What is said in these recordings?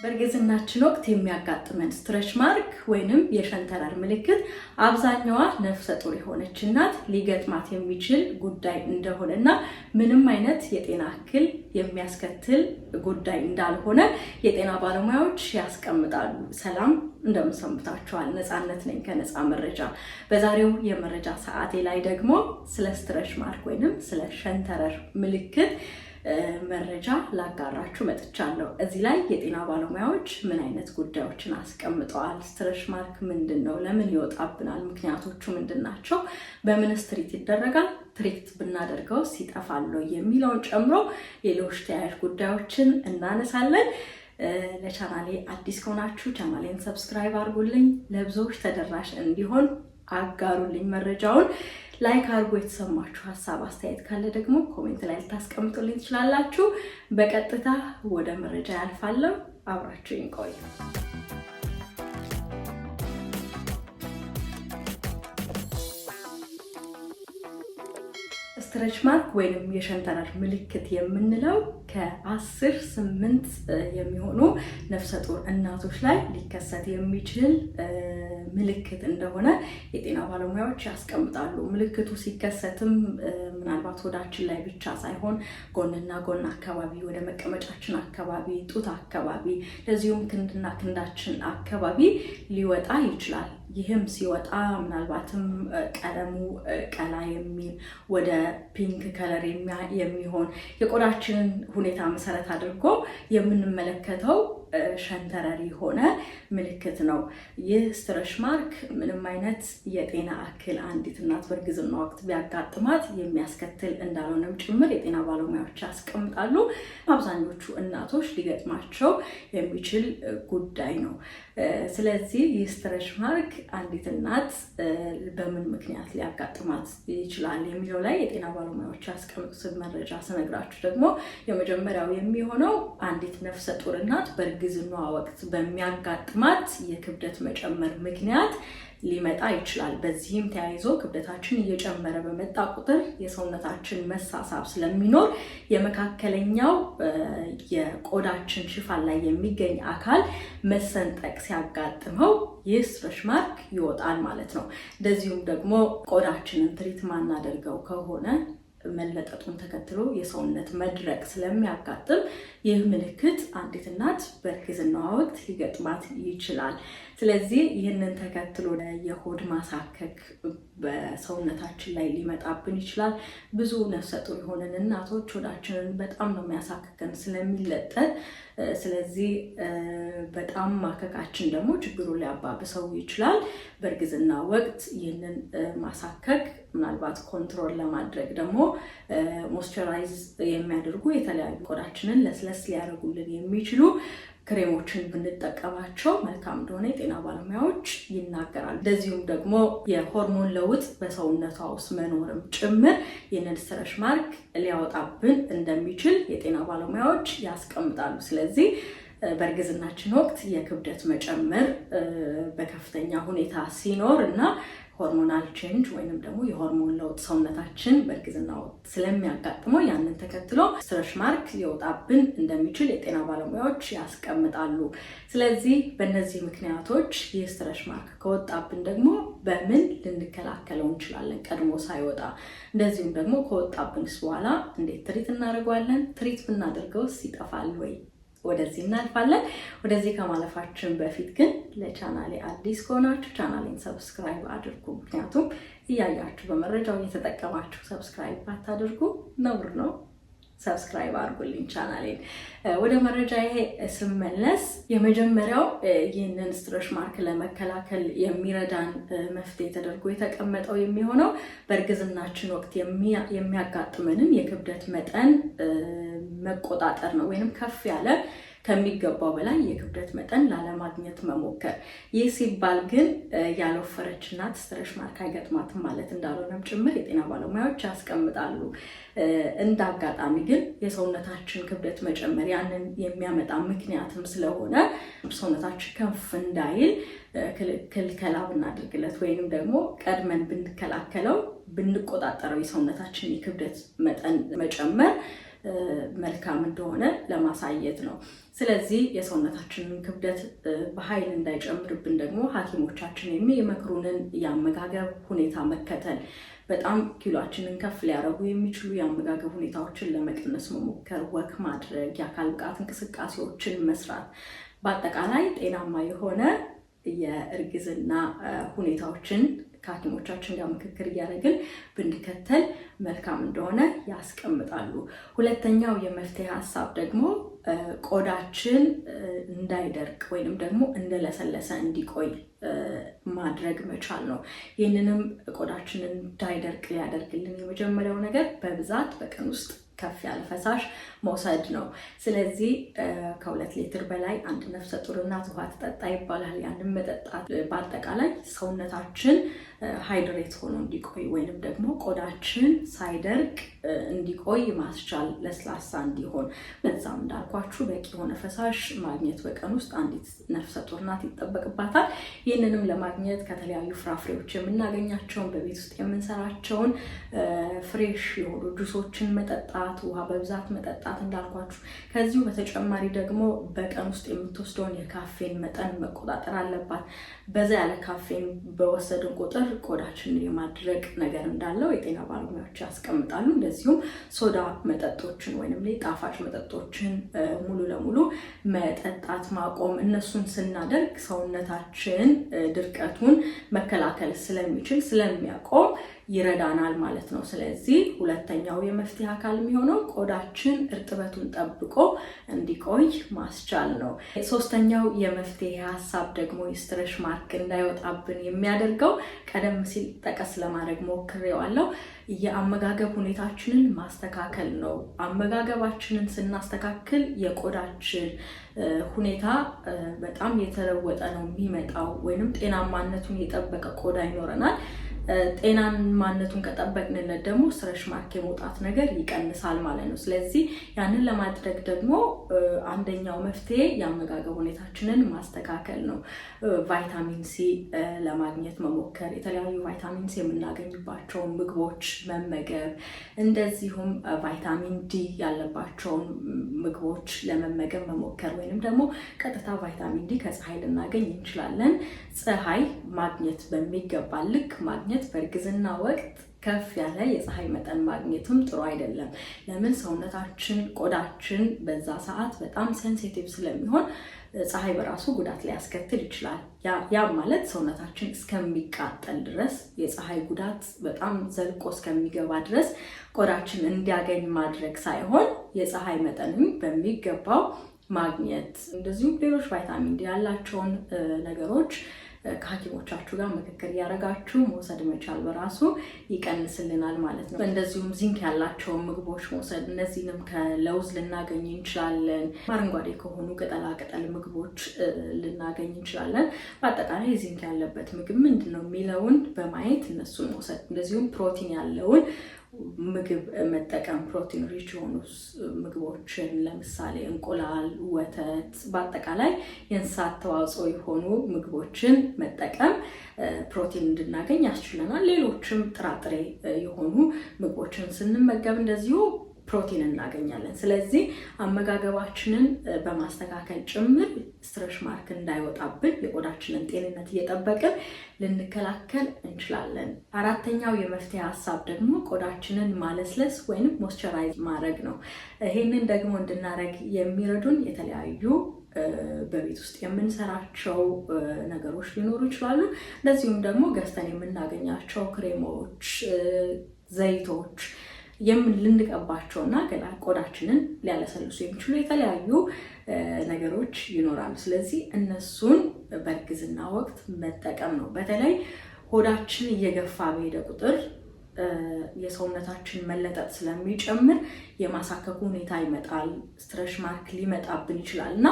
በእርግዝናችን ወቅት የሚያጋጥመን ስትረች ማርክ ወይንም የሸንተረር ምልክት አብዛኛዋ ነፍሰ ጡር የሆነች እናት ሊገጥማት የሚችል ጉዳይ እንደሆነና ምንም አይነት የጤና እክል የሚያስከትል ጉዳይ እንዳልሆነ የጤና ባለሙያዎች ያስቀምጣሉ። ሰላም እንደምሰምታችኋል፣ ነፃነት ነኝ ከነፃ መረጃ። በዛሬው የመረጃ ሰዓቴ ላይ ደግሞ ስለ ስትረች ማርክ ወይንም ስለ ሸንተረር ምልክት መረጃ ላጋራችሁ መጥቻለሁ። እዚህ ላይ የጤና ባለሙያዎች ምን አይነት ጉዳዮችን አስቀምጠዋል? ስትረሽ ማርክ ምንድን ነው? ለምን ይወጣብናል? ምክንያቶቹ ምንድን ናቸው? በምንስ ትሪት ይደረጋል? ትሪት ብናደርገው ሲጠፋል የሚለውን ጨምሮ ሌሎች ተያያዥ ጉዳዮችን እናነሳለን። ለቻናሌ አዲስ ከሆናችሁ ቻናሌን ሰብስክራይብ አድርጉልኝ። ለብዙዎች ተደራሽ እንዲሆን አጋሩልኝ መረጃውን ላይክ አድርጎ የተሰማችሁ ሀሳብ አስተያየት ካለ ደግሞ ኮሜንት ላይ ልታስቀምጡልኝ ትችላላችሁ። በቀጥታ ወደ መረጃ ያልፋለሁ። አብራችሁ ይንቆዩ። ስትረች ማርክ ወይም የሸንተረር ምልክት የምንለው ከአስር ስምንት የሚሆኑ ነፍሰ ጡር እናቶች ላይ ሊከሰት የሚችል ምልክት እንደሆነ የጤና ባለሙያዎች ያስቀምጣሉ። ምልክቱ ሲከሰትም ምናልባት ሆዳችን ላይ ብቻ ሳይሆን ጎንና ጎን አካባቢ፣ ወደ መቀመጫችን አካባቢ፣ ጡት አካባቢ፣ እንደዚሁም ክንድና ክንዳችን አካባቢ ሊወጣ ይችላል። ይህም ሲወጣ ምናልባትም ቀለሙ ቀላ የሚል ወደ ፒንክ ከለር የሚሆን የቆዳችንን ሁኔታ መሰረት አድርጎ የምንመለከተው ሸንተረሪ የሆነ ምልክት ነው። ይህ ስትረሽ ማርክ ምንም አይነት የጤና እክል አንዲት እናት በእርግዝና ወቅት ቢያጋጥማት የሚያስከትል እንዳልሆነም ጭምር የጤና ባለሙያዎች ያስቀምጣሉ። አብዛኞቹ እናቶች ሊገጥማቸው የሚችል ጉዳይ ነው። ስለዚህ ይህ ስትረሽ ማርክ አንዲት እናት በምን ምክንያት ሊያጋጥማት ይችላል የሚለው ላይ የጤና ባለሙያዎች ያስቀምጡትን መረጃ ስነግራችሁ ደግሞ የመጀመሪያው የሚሆነው አንዲት ነፍሰ ጡር እናት በእርግዝናዋ ወቅት በሚያጋጥማት የክብደት መጨመር ምክንያት ሊመጣ ይችላል። በዚህም ተያይዞ ክብደታችን እየጨመረ በመጣ ቁጥር የሰውነታችን መሳሳብ ስለሚኖር የመካከለኛው የቆዳችን ሽፋን ላይ የሚገኝ አካል መሰንጠቅ ሲያጋጥመው ይህ ስትሬች ማርክ ይወጣል ማለት ነው። እንደዚሁም ደግሞ ቆዳችንን ትሪት ማናደርገው ከሆነ መለጠጡን ተከትሎ የሰውነት መድረቅ ስለሚያጋጥም ይህ ምልክት አንዲት እናት በእርግዝናዋ ወቅት ሊገጥማት ይችላል። ስለዚህ ይህንን ተከትሎ የሆድ ማሳከክ በሰውነታችን ላይ ሊመጣብን ይችላል። ብዙ ነፍሰ የሆንን እናቶች ሆዳችንን በጣም ነው የሚያሳክከን ስለሚለጠጥ ስለዚህ በጣም ማከካችን ደግሞ ችግሩን ሊያባብሰው ይችላል። በእርግዝና ወቅት ይህንን ማሳከክ ምናልባት ኮንትሮል ለማድረግ ደግሞ ሞስቸራይዝ የሚያደርጉ የተለያዩ ቆዳችንን ለስለስ ሊያደርጉልን የሚችሉ ክሬሞችን ብንጠቀማቸው መልካም እንደሆነ የጤና ባለሙያዎች ይናገራሉ። እንደዚሁም ደግሞ የሆርሞን ለውጥ በሰውነቷ ውስጥ መኖርም ጭምር ይህንን ስትረሽ ማርክ ሊያወጣብን እንደሚችል የጤና ባለሙያዎች ያስቀምጣሉ። ስለዚህ በእርግዝናችን ወቅት የክብደት መጨመር በከፍተኛ ሁኔታ ሲኖር እና ሆርሞናል ቼንጅ ወይንም ደግሞ የሆርሞን ለውጥ ሰውነታችን በእርግዝና ወቅት ስለሚያጋጥመው ያንን ተከትሎ ስትረሽ ማርክ ሊወጣብን እንደሚችል የጤና ባለሙያዎች ያስቀምጣሉ። ስለዚህ በእነዚህ ምክንያቶች ይህ ስትረሽ ማርክ ከወጣብን ደግሞ በምን ልንከላከለው እንችላለን? ቀድሞ ሳይወጣ እንደዚሁም ደግሞ ከወጣብንስ በኋላ እንዴት ትሪት እናደርገዋለን? ትሪት ብናደርገውስ ይጠፋል ወይ? ወደዚህ እናልፋለን። ወደዚህ ከማለፋችን በፊት ግን ለቻናሌ አዲስ ከሆናችሁ ቻናሌን ሰብስክራይብ አድርጉ። ምክንያቱም እያያችሁ በመረጃው እየተጠቀማችሁ ሰብስክራይብ ባታደርጉ ነውር ነው። ሰብስክራይብ አድርጉልኝ ቻናሌን። ወደ መረጃ ይሄ ስመለስ የመጀመሪያው ይህንን ስትረሽ ማርክ ለመከላከል የሚረዳን መፍትሄ ተደርጎ የተቀመጠው የሚሆነው በእርግዝናችን ወቅት የሚያጋጥመንን የክብደት መጠን መቆጣጠር ነው ወይንም ከፍ ያለ ከሚገባው በላይ የክብደት መጠን ላለማግኘት መሞከር። ይህ ሲባል ግን ያልወፈረች እናት ስትረሽ ማርክ አይገጥማትም ማለት እንዳልሆነም ጭምር የጤና ባለሙያዎች ያስቀምጣሉ። እንዳጋጣሚ አጋጣሚ ግን የሰውነታችን ክብደት መጨመር ያንን የሚያመጣ ምክንያትም ስለሆነ ሰውነታችን ከፍ እንዳይል ክልከላ ብናደርግለት ወይንም ደግሞ ቀድመን ብንከላከለው ብንቆጣጠረው የሰውነታችን የክብደት መጠን መጨመር መልካም እንደሆነ ለማሳየት ነው። ስለዚህ የሰውነታችንን ክብደት በኃይል እንዳይጨምርብን ደግሞ ሐኪሞቻችን የሚመክሩንን የአመጋገብ ሁኔታ መከተል በጣም ኪሏችንን ከፍ ሊያደርጉ የሚችሉ የአመጋገብ ሁኔታዎችን ለመቀነስ መሞከር፣ ወክ ማድረግ፣ የአካል ብቃት እንቅስቃሴዎችን መስራት፣ በአጠቃላይ ጤናማ የሆነ የእርግዝና ሁኔታዎችን ከሐኪሞቻችን ጋር ምክክር እያደረግን ብንከተል መልካም እንደሆነ ያስቀምጣሉ። ሁለተኛው የመፍትሄ ሀሳብ ደግሞ ቆዳችን እንዳይደርቅ ወይንም ደግሞ እንደለሰለሰ እንዲቆይ ማድረግ መቻል ነው። ይህንንም ቆዳችን እንዳይደርቅ ሊያደርግልን የመጀመሪያው ነገር በብዛት በቀን ውስጥ ከፍ ያለ ፈሳሽ መውሰድ ነው። ስለዚህ ከሁለት ሊትር በላይ አንድ ነፍሰ ጡር እናት ውሃ ትጠጣ ይባላል። ያንን መጠጣት በአጠቃላይ ሰውነታችን ሃይድሬት ሆኖ እንዲቆይ ወይንም ደግሞ ቆዳችን ሳይደርቅ እንዲቆይ ማስቻል ለስላሳ እንዲሆን በዛም እንዳልኳችሁ በቂ የሆነ ፈሳሽ ማግኘት በቀን ውስጥ አንዲት ነፍሰ ጡር እናት ይጠበቅባታል። ይህንንም ለማግኘት ከተለያዩ ፍራፍሬዎች የምናገኛቸውን በቤት ውስጥ የምንሰራቸውን ፍሬሽ የሆኑ ጁሶችን መጠጣት፣ ውሃ በብዛት መጠጣት መጠጣት እንዳልኳችሁ። ከዚሁ በተጨማሪ ደግሞ በቀን ውስጥ የምትወስደውን የካፌን መጠን መቆጣጠር አለባት። በዛ ያለ ካፌን በወሰድን ቁጥር ቆዳችንን የማድረቅ ነገር እንዳለው የጤና ባለሙያዎች ያስቀምጣሉ። እንደዚሁም ሶዳ መጠጦችን ወይም ጣፋጭ መጠጦችን ሙሉ ለሙሉ መጠጣት ማቆም፣ እነሱን ስናደርግ ሰውነታችን ድርቀቱን መከላከል ስለሚችል ስለሚያቆም ይረዳናል ማለት ነው። ስለዚህ ሁለተኛው የመፍትሄ አካል የሚሆነው ቆዳችን እርጥበቱን ጠብቆ እንዲቆይ ማስቻል ነው። ሶስተኛው የመፍትሄ ሀሳብ ደግሞ የስትረሽ ማርክ እንዳይወጣብን የሚያደርገው ቀደም ሲል ጠቀስ ለማድረግ ሞክሬዋለሁ የአመጋገብ ሁኔታችንን ማስተካከል ነው። አመጋገባችንን ስናስተካክል የቆዳችን ሁኔታ በጣም የተለወጠ ነው የሚመጣው፣ ወይንም ጤናማነቱን የጠበቀ ቆዳ ይኖረናል። ጤናን ማነቱን ከጠበቅንለት ደግሞ ስረሽ ማርክ የመውጣት ነገር ይቀንሳል ማለት ነው። ስለዚህ ያንን ለማድረግ ደግሞ አንደኛው መፍትሄ የአመጋገብ ሁኔታችንን ማስተካከል ነው። ቫይታሚን ሲ ለማግኘት መሞከር፣ የተለያዩ ቫይታሚን ሲ የምናገኝባቸውን ምግቦች መመገብ፣ እንደዚሁም ቫይታሚን ዲ ያለባቸውን ምግቦች ለመመገብ መሞከር ወይንም ደግሞ ቀጥታ ቫይታሚን ዲ ከፀሐይ ልናገኝ እንችላለን። ፀሐይ ማግኘት በሚገባ ልክ ማግኘት ማግኘት በእርግዝና ወቅት ከፍ ያለ የፀሐይ መጠን ማግኘትም ጥሩ አይደለም። ለምን ሰውነታችን፣ ቆዳችን በዛ ሰዓት በጣም ሴንሲቲቭ ስለሚሆን ፀሐይ በራሱ ጉዳት ሊያስከትል ይችላል። ያም ማለት ሰውነታችን እስከሚቃጠል ድረስ የፀሐይ ጉዳት በጣም ዘልቆ እስከሚገባ ድረስ ቆዳችን እንዲያገኝ ማድረግ ሳይሆን የፀሐይ መጠንም በሚገባው ማግኘት እንደዚሁም ሌሎች ቫይታሚን ዲ ያላቸውን ነገሮች ከሐኪሞቻችሁ ጋር ምክክር እያደረጋችሁ መውሰድ መቻል በራሱ ይቀንስልናል ማለት ነው። እንደዚሁም ዚንክ ያላቸውን ምግቦች መውሰድ፣ እነዚህንም ከለውዝ ልናገኝ እንችላለን። አረንጓዴ ከሆኑ ቅጠላ ቅጠል ምግቦች ልናገኝ እንችላለን። በአጠቃላይ ዚንክ ያለበት ምግብ ምንድን ነው የሚለውን በማየት እነሱን መውሰድ እንደዚሁም ፕሮቲን ያለውን ምግብ መጠቀም ፕሮቲን ሪች የሆኑ ምግቦችን ለምሳሌ እንቁላል፣ ወተት፣ በአጠቃላይ የእንስሳት ተዋጽኦ የሆኑ ምግቦችን መጠቀም ፕሮቲን እንድናገኝ ያስችለናል። ሌሎችም ጥራጥሬ የሆኑ ምግቦችን ስንመገብ እንደዚሁ ፕሮቲን እናገኛለን። ስለዚህ አመጋገባችንን በማስተካከል ጭምር ስትረሽ ማርክ እንዳይወጣብን የቆዳችንን ጤንነት እየጠበቅን ልንከላከል እንችላለን። አራተኛው የመፍትሄ ሀሳብ ደግሞ ቆዳችንን ማለስለስ ወይም ሞስቸራይዝ ማድረግ ነው። ይህንን ደግሞ እንድናደረግ የሚረዱን የተለያዩ በቤት ውስጥ የምንሰራቸው ነገሮች ሊኖሩ ይችላሉ። እንደዚሁም ደግሞ ገዝተን የምናገኛቸው ክሬሞች፣ ዘይቶች ልንቀባቸው እና ገላ ቆዳችንን ሊያለሰልሱ የሚችሉ የተለያዩ ነገሮች ይኖራሉ። ስለዚህ እነሱን በእርግዝና ወቅት መጠቀም ነው። በተለይ ሆዳችን እየገፋ በሄደ ቁጥር የሰውነታችን መለጠጥ ስለሚጨምር የማሳከኩ ሁኔታ ይመጣል። ስትረሽ ማርክ ሊመጣብን ይችላል እና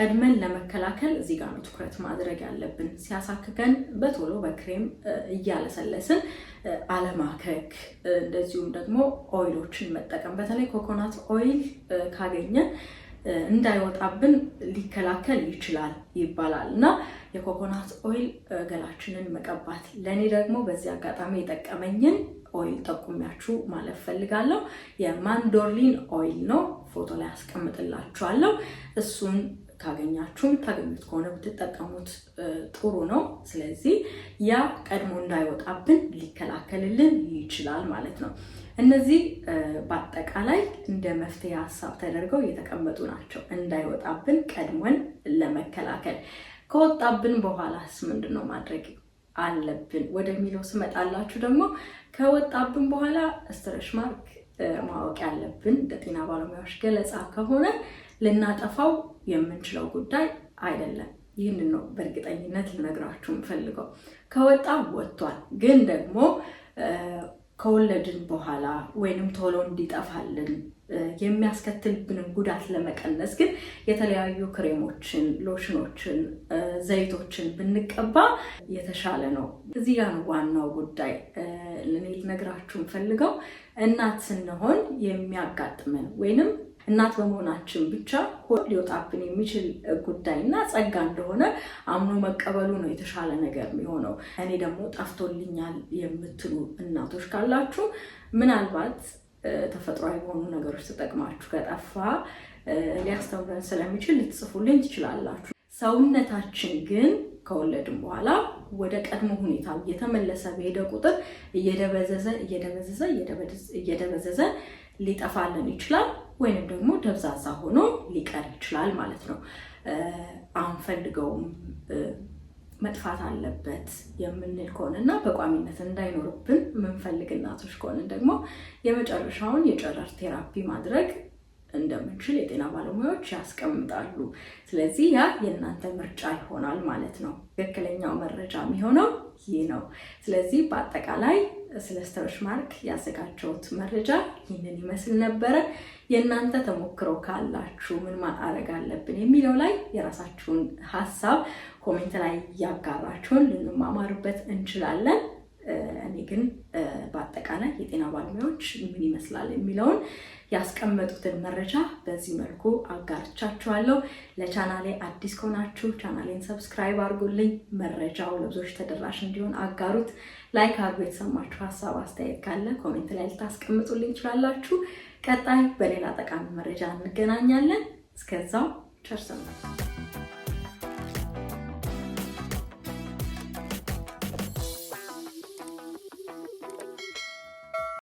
ቀድመን ለመከላከል እዚህ ጋር ነው ትኩረት ማድረግ ያለብን። ሲያሳክከን በቶሎ በክሬም እያለሰለስን አለማከክ፣ እንደዚሁም ደግሞ ኦይሎችን መጠቀም በተለይ ኮኮናት ኦይል ካገኘን እንዳይወጣብን ሊከላከል ይችላል ይባላል እና የኮኮናት ኦይል ገላችንን መቀባት ለእኔ ደግሞ በዚህ አጋጣሚ የጠቀመኝን ኦይል ጠቁሚያችሁ ማለፍ ፈልጋለሁ። የማንዶርሊን ኦይል ነው፣ ፎቶ ላይ አስቀምጥላችኋለሁ እሱን ካገኛችሁ የምታገኙት ከሆነ ብትጠቀሙት ጥሩ ነው። ስለዚህ ያ ቀድሞ እንዳይወጣብን ሊከላከልልን ይችላል ማለት ነው። እነዚህ በአጠቃላይ እንደ መፍትሄ ሀሳብ ተደርገው የተቀመጡ ናቸው። እንዳይወጣብን ቀድሞን ለመከላከል ከወጣብን በኋላስ ምንድን ነው ማድረግ አለብን ወደሚለው ስመጣላችሁ ደግሞ ከወጣብን በኋላ ስትረሽ ማርክ ማወቅ ያለብን እንደ ጤና ባለሙያዎች ገለጻ ከሆነ ልናጠፋው የምንችለው ጉዳይ አይደለም። ይህን ነው በእርግጠኝነት ልነግራችሁ የምፈልገው። ከወጣ ወጥቷል፣ ግን ደግሞ ከወለድን በኋላ ወይንም ቶሎ እንዲጠፋልን የሚያስከትልብንን ጉዳት ለመቀነስ ግን የተለያዩ ክሬሞችን፣ ሎሽኖችን፣ ዘይቶችን ብንቀባ የተሻለ ነው። እዚህ ጋር ዋናው ጉዳይ እኔ ልነግራችሁ ፈልገው እናት ስንሆን የሚያጋጥመን ወይንም እናት በመሆናችን ብቻ ሊወጣብን የሚችል ጉዳይ እና ጸጋ እንደሆነ አምኖ መቀበሉ ነው የተሻለ ነገር የሚሆነው። እኔ ደግሞ ጠፍቶልኛል የምትሉ እናቶች ካላችሁ ምናልባት ተፈጥሯዊ በሆኑ ነገሮች ተጠቅማችሁ ከጠፋ ሊያስተምረን ስለሚችል ልትጽፉልኝ ትችላላችሁ። ሰውነታችን ግን ከወለድን በኋላ ወደ ቀድሞ ሁኔታ እየተመለሰ በሄደ ቁጥር እየደበዘዘ እየደበዘዘ እየደበዘዘ ሊጠፋልን ይችላል። ወይንም ደግሞ ደብዛዛ ሆኖ ሊቀር ይችላል ማለት ነው። አንፈልገውም መጥፋት አለበት የምንል እና በቋሚነት እንዳይኖርብን የምንፈልግ እናቶች ከሆንን ደግሞ የመጨረሻውን የጨረር ቴራፒ ማድረግ እንደምንችል የጤና ባለሙያዎች ያስቀምጣሉ። ስለዚህ ያ የእናንተ ምርጫ ይሆናል ማለት ነው። ትክክለኛው መረጃ የሚሆነው ይህ ነው። ስለዚህ በአጠቃላይ ስለ ስተርሽ ማርክ ያዘጋጀሁት መረጃ ይህንን ይመስል ነበረ። የእናንተ ተሞክሮ ካላችሁ ምን ማድረግ አለብን የሚለው ላይ የራሳችሁን ሀሳብ ኮሜንት ላይ ያጋራችሁን ልንማማርበት እንችላለን። እኔ ግን በአጠቃላይ የጤና ባለሙያዎች ምን ይመስላል የሚለውን ያስቀመጡትን መረጃ በዚህ መልኩ አጋርቻችኋለሁ። ለቻናሌ አዲስ ከሆናችሁ ቻናሌን ሰብስክራይብ አድርጉልኝ። መረጃው ለብዙዎች ተደራሽ እንዲሆን አጋሩት፣ ላይክ አድርጉ። የተሰማችሁ ሀሳብ አስተያየት ካለ ኮሜንት ላይ ልታስቀምጡልኝ ይችላላችሁ ቀጣይ በሌላ ጠቃሚ መረጃ እንገናኛለን። እስከዛው ቸር ሰንብቱ።